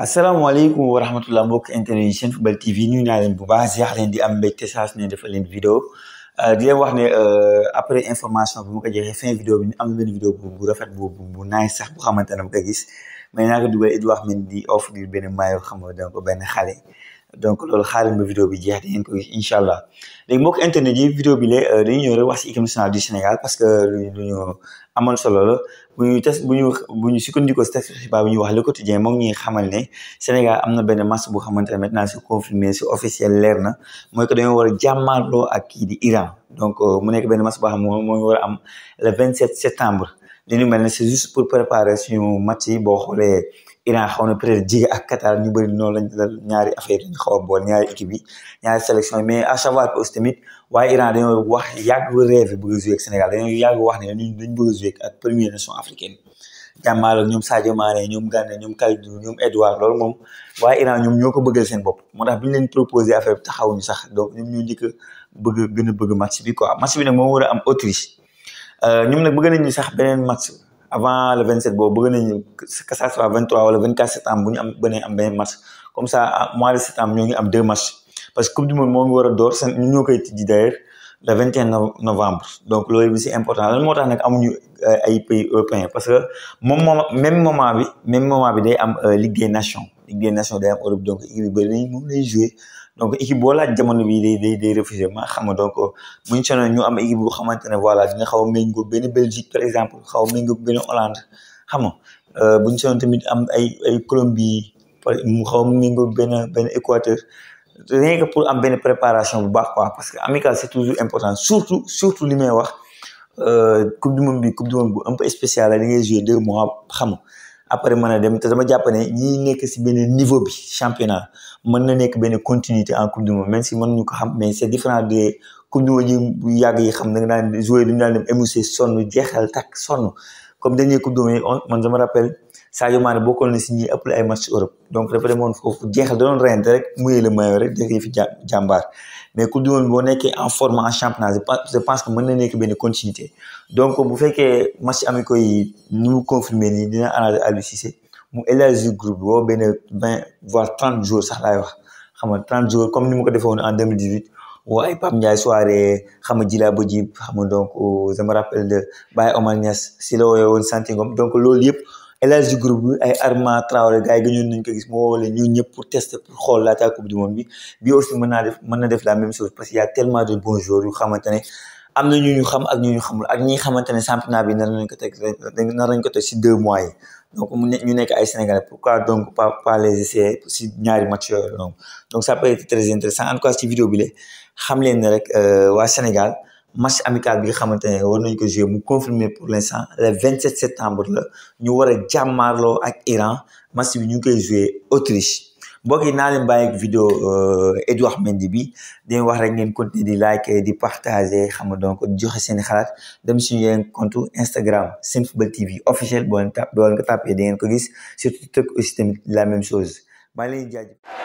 السلام عليكم ورحمة الله مبوك انترنيشن في بل تيفي نيو نالين بو بازي حلين دي أم بيت تساس نين دي فلين فيديو دي لين واحني أبري انفرماشن بو مكا جيه فين فيديو بني أم بني فيديو بو رفت بو بو ناي ساح بو خامن تانا جيس مين ناك دوبا إدواح دي أوف دي بني مايو خامو دان بني خالي donc loolu xaare ma vidéo bi jeex dinañ ko gis incha allah léegi mbokk internet yi vidéo bi la euh, dañu ñëw rek wax si équipe nationale du Sénégal parce que lu ñu amal solo la bu ñu test bu ñu bu ñu sukkandiko si test xibaar bu ñu wax le quotidien moog ñuy xamal ne Sénégal am na benn masse bu xamante ne maintenant si confirmé si officiel leer na mooy que dañoo war a jàmmaarloo ak kii di Iran donc euh, mu nekk benn masse boo xam ne moo ñu war a am le 27 septembre li mel ne c' est juste pour préparer suñu match yi boo xoolee. Iran xaw na peut-être ak Qatar ñu bëri noonu la ñaari affaire yi xaw a bool ñaari équipe ñaari sélection mais à savoir que tamit waaye Iran dañoo ñoom Sadio Mané ñoom ñoom Kalidou ñoom ko bëggal seen bopp moo tax bi ñu leen proposé affaire bi taxawuñu sax donc ñoom ñoo njëkk a bëgg gën bi quoi match bi nag moo war am Autriche euh, ñoom nag bëgg nañu sax beneen match avant le 27 bon, que ça soit 23 ou le 24 septembre bu ñu un bon, match comme ça mois de septembre on ngi deux matchs parce que coupe du monde moo ngi war que door seen d'ailleurs le 21 novembre donc c'est important lan moo tax euh, pays européen. parce que même moment bi même moment bi day euh, Ligue des Nations. Ligue des Nations day am Europe donc équipe yu bëri nañ moom lay joué donc équipe boo laaj jamono bi des day day refusé ma donc nga donc muñ euh, sono ñu am équipe bu comment ne voilà dina xaw a méngoo benn Belgique par exemple xaw a méngoo Hollande xam nga euh, buñ sono tamit am ay ay Colombie mu xaw a méngoo benn benn Équateur rien que pour am benn préparation bu baax quoi parce que amical c'est toujours important surtout surtout les meilleurs coupe du monde bi coupe du monde bu un peu spécial la da ngay joué deux mois xam après mën a dem te dama jàpp ne ñi si benn niveau bi championnat mën na nekk benn continuité en coupe du monde même si mën ñu ko xam mais c'est différent des coupe du monde yi yàgg yi xam nanga daan joué dañu daan dem émoussé sonn jeexal takk sonn comme dernier coupe du monde man je rappelle Sadio Mané bokkoon na ñi ay match Europe donc dafa demoon foofu da doon reyante rek le maillot rek fi mais en forme championnat je pense que mën na nekk continuité donc bu match yi dina mu élargir groupe jours sax jours comme ni en 2018. soirée xam xam donc oh, je me rappelle de Baye si la El Hadji groupe bi ay Arma Traoré gars yi gëjoon nañu ko gis moo wala leen ñun ñëpp pour tester pour xool laata coupe du monde bi bi aussi mën naa def mën na def la même chose parce que y a tellement de bons joueurs yu xamante ne am na ñu ñu xam ak ñu ñu xamul ak ñi xamante ne championnat bi nar nañu ko teg nar nañu ko teg si deux mois yi donc ñu nekk ay Sénégalais pourquoi donc pas pas les essayer si ñaari match yooyu noonu donc ça peut être très intéressant en tout cas si vidéo bi la xam leen ne rek euh, waa Sénégal match amical bi nga xamantene war nañ ko jouer mu confirmé pour l'instant le 27 septembre la ñu war a jàmmaarloo ak Iran match bi ñu koy jouer Autriche mbokk yi naa leen bàyyi ak vidéo euh, Edouard Mendy bi dañ wax rek ngeen continuer di like di partager xam nga donc joxe seen xalaat dem suñu yeneen compte Instagram Senfootball TV officiel boo leen tap boo leen ko tapé da ngeen ko gis surtout TikTok aussi tamit la même chose maa ngi leen di jaajëf